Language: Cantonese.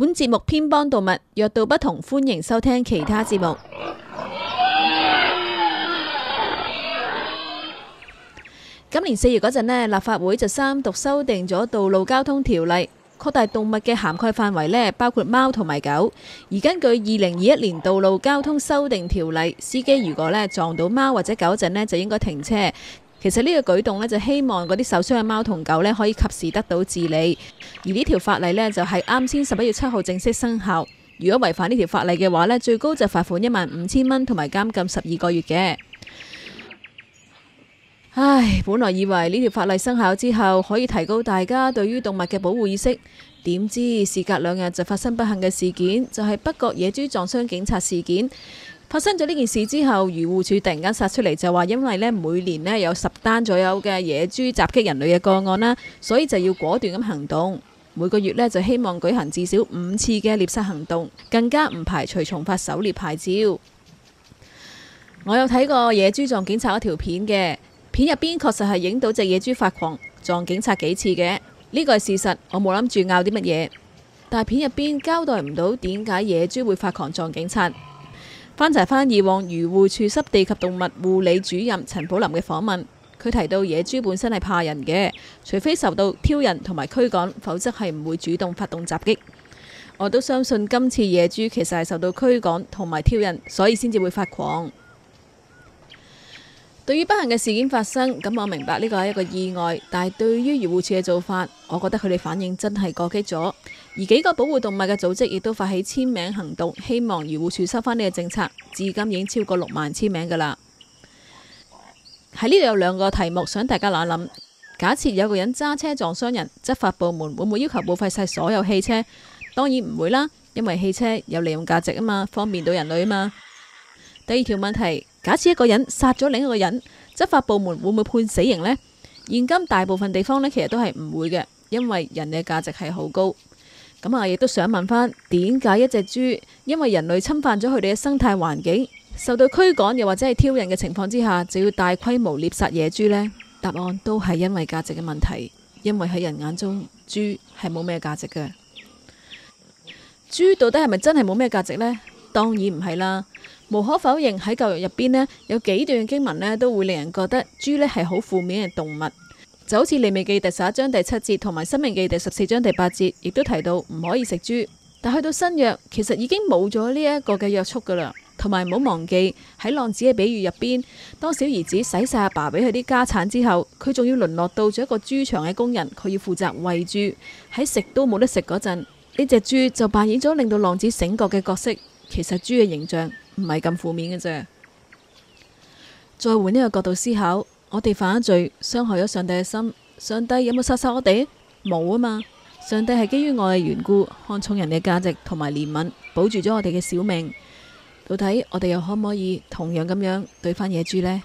本節目偏幫動物，若道不同，歡迎收聽其他節目。今年四月嗰陣咧，立法會就三讀修訂咗《道路交通條例》，擴大動物嘅涵蓋範，範圍咧，包括貓同埋狗。而根據二零二一年《道路交通修訂條例》，司機如果咧撞到貓或者狗嗰陣咧，就應該停車。其實呢個舉動呢，就希望嗰啲受傷嘅貓同狗呢，可以及時得到治理。而呢條法例呢，就係啱先十一月七號正式生效。如果違反呢條法例嘅話呢，最高就罰款一萬五千蚊，同埋監禁十二個月嘅。唉，本來以為呢條法例生效之後，可以提高大家對於動物嘅保護意識，點知事隔兩日就發生不幸嘅事件，就係北角野豬撞傷警察事件。發生咗呢件事之後，漁護署突然間殺出嚟，就話因為咧每年咧有十單左右嘅野豬襲擊人類嘅個案啦，所以就要果斷咁行動。每個月咧就希望舉行至少五次嘅獵殺行動，更加唔排除重發狩獵牌照。我有睇過野豬撞警察嗰條片嘅，片入邊確實係影到隻野豬發狂撞警察幾次嘅，呢個係事實。我冇諗住拗啲乜嘢，但係片入邊交代唔到點解野豬會發狂撞警察。翻查翻以往漁護處濕地及動物護理主任陳寶林嘅訪問，佢提到野豬本身係怕人嘅，除非受到挑釁同埋驅趕，否則係唔會主動發動襲擊。我都相信今次野豬其實係受到驅趕同埋挑釁，所以先至會發狂。對於不幸嘅事件發生，咁我明白呢個係一個意外，但係對於漁護署嘅做法，我覺得佢哋反應真係過激咗。而幾個保護動物嘅組織亦都發起簽名行動，希望漁護署收返呢個政策。至今已經超過六萬簽名噶啦。喺呢度有兩個題目想大家諗一諗：假設有個人揸車撞傷人，執法部門會唔會要求報廢晒所有汽車？當然唔會啦，因為汽車有利用價值啊嘛，方便到人類啊嘛。第二條問題，假設一個人殺咗另一個人，執法部門會唔會判死刑呢？現今大部分地方呢，其實都係唔會嘅，因為人嘅價值係好高。咁啊，亦都想問翻，點解一隻豬，因為人類侵犯咗佢哋嘅生態環境，受到驅趕又或者係挑釁嘅情況之下，就要大規模獵殺野豬呢？答案都係因為價值嘅問題，因為喺人眼中，豬係冇咩價值嘅。豬到底係咪真係冇咩價值呢？當然唔係啦。無可否認喺舊約入邊呢，有幾段經文呢都會令人覺得豬呢係好負面嘅動物。就好似利未記第十一章第七節同埋申命記第十四章第八節，亦都提到唔可以食豬。但去到新約，其實已經冇咗呢一個嘅約束噶啦。同埋唔好忘記喺浪子嘅比喻入邊，當小兒子使晒阿爸俾佢啲家產之後，佢仲要淪落到咗一個豬場嘅工人，佢要負責餵豬。喺食都冇得食嗰陣，呢隻豬就扮演咗令到浪子醒覺嘅角色。其實豬嘅形象。唔係咁負面嘅啫。再換一個角度思考，我哋犯咗罪，傷害咗上帝嘅心，上帝有冇殺殺我哋？冇啊嘛。上帝係基於我嘅緣故，看重人嘅價值同埋憐憫，保住咗我哋嘅小命。到底我哋又可唔可以同樣咁樣對返野豬呢？